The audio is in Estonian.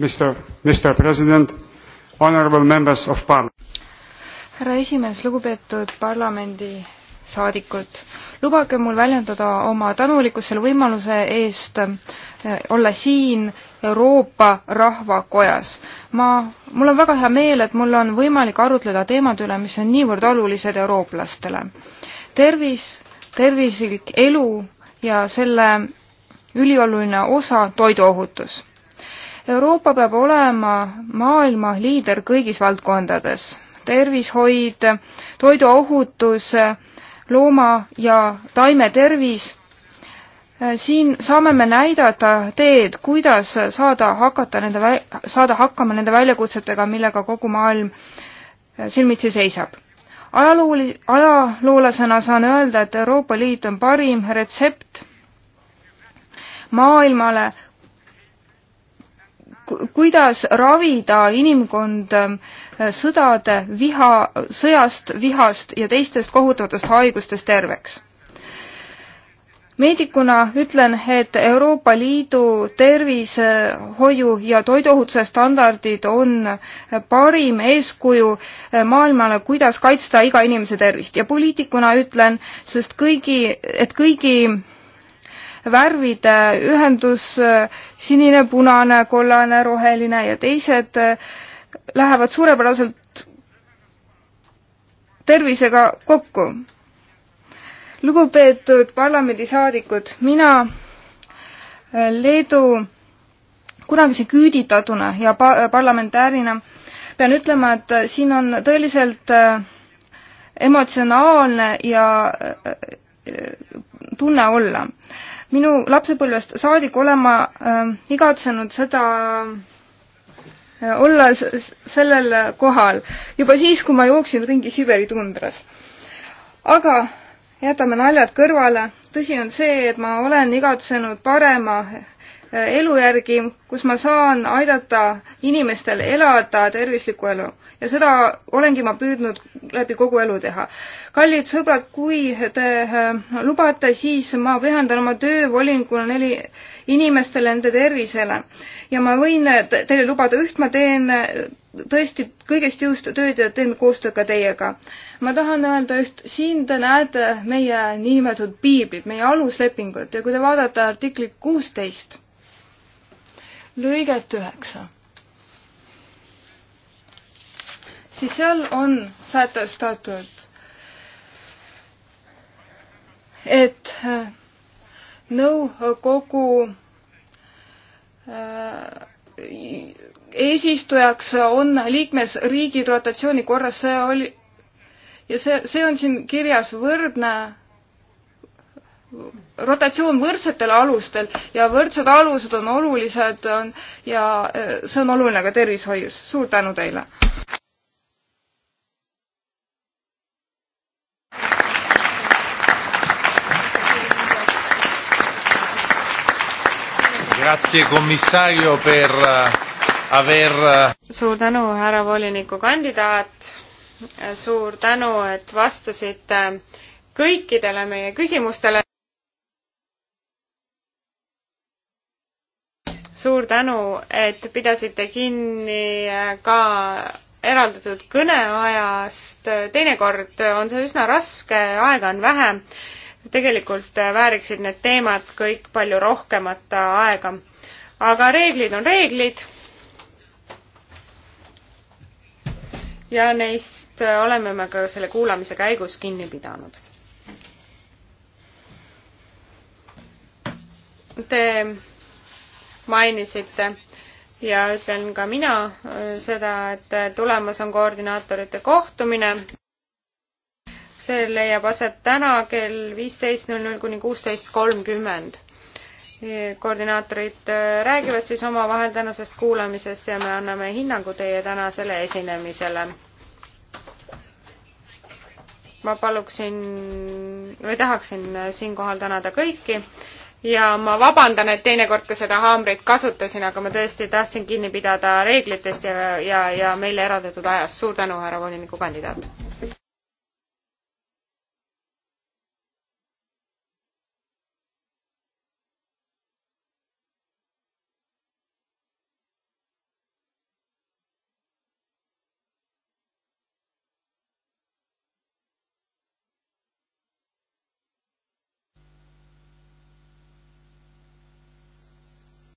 Mr, Mr President, honorable members of parliament. härra esimees, lugupeetud parlamendi saadikud, lubage mul väljendada oma tänulikkust selle võimaluse eest eh, olla siin Euroopa Rahvakojas. ma, mul on väga hea meel, et mul on võimalik arutleda teemade üle, mis on niivõrd olulised eurooplastele. tervis, tervislik elu ja selle ülioluline osa toiduohutus Euroopa peab olema maailma liider kõigis valdkondades. tervishoid, toiduohutus, looma- ja taimetervis. siin saame me näidata teed, kuidas saada hakata nende, saada hakkama nende väljakutsetega, millega kogu maailm silmitsi seisab ajalooli-, ajaloolasena saan öelda, et Euroopa Liit on parim retsept maailmale, kuidas ravida inimkond ähm, sõdade viha, sõjast, vihast ja teistest kohutavatest haigustest terveks. meedikuna ütlen, et Euroopa Liidu tervishoiu ja toiduohutuse standardid on parim eeskuju maailmale, kuidas kaitsta iga inimese tervist ja poliitikuna ütlen, sest kõigi, et kõigi värvide äh, ühendus, äh, sinine, punane, kollane, roheline ja teised äh, lähevad suurepäraselt tervisega kokku. lugupeetud parlamendisaadikud, mina Leedu kunagise küüditatuna ja pa-, parlamentäärina pean ütlema, et siin on tõeliselt emotsionaalne ja tunne olla minu lapsepõlvest saadik olen ma äh, igatsenud seda äh, olla sellel kohal juba siis, kui ma jooksin ringi Siberi tundras. aga jätame naljad kõrvale. tõsi on see, et ma olen igatsenud parema elujärgi, kus ma saan aidata inimestel elada tervislikku elu ja seda olengi ma püüdnud läbi kogu elu teha. kallid sõbrad, kui te äh, lubate, siis ma pühendan oma töö volinikuna neli inimestele, nende tervisele ja ma võin äh, teile lubada üht, ma teen äh, tõesti kõigest jõust tööd ja teen koostööd ka teiega. ma tahan öelda üht, siin te näete meie niinimetatud piiblit, meie aluslepingut ja kui te vaatate artiklit kuusteist, lõiget üheksa. siis seal on sätestatud, et äh, nõukogu äh, eesistujaks on liikmesriigid rotatsiooni korras, see oli ja see, see on siin kirjas võrdne rotatsioon võrdsetel alustel ja võrdsed alused on olulised on, ja äh, see on oluline ka tervishoius. suur tänu teile! Grazie commissario per eh, aver eh, suur tänu, härra volinikukandidaat, suur tänu, et vastasite kõikidele meie küsimustele. suur tänu, et pidasite kinni äh, ka eraldatud kõneajast. teinekord on see üsna raske, aega on vähe. tegelikult äh, vääriksid need teemad kõik palju rohkemat äh, aega. aga reeglid on reeglid. ja neist oleme me ka selle kuulamise käigus kinni pidanud. Te mainisite ja ütlen ka mina äh, seda, et äh, tulemas on koordinaatorite kohtumine. see leiab aset täna kell viisteist null null kuni kuusteist kolmkümmend. koordinaatorid äh, räägivad siis omavahel tänasest kuulamisest ja me anname hinnangu teie tänasele esinemisele. ma paluksin või tahaksin siinkohal tänada kõiki ja ma vabandan, et teinekord ka seda haamrit kasutasin, aga ma tõesti tahtsin kinni pidada reeglitest ja, ja, ja meile eraldatud ajast. suur tänu, härra volinikukandidaat!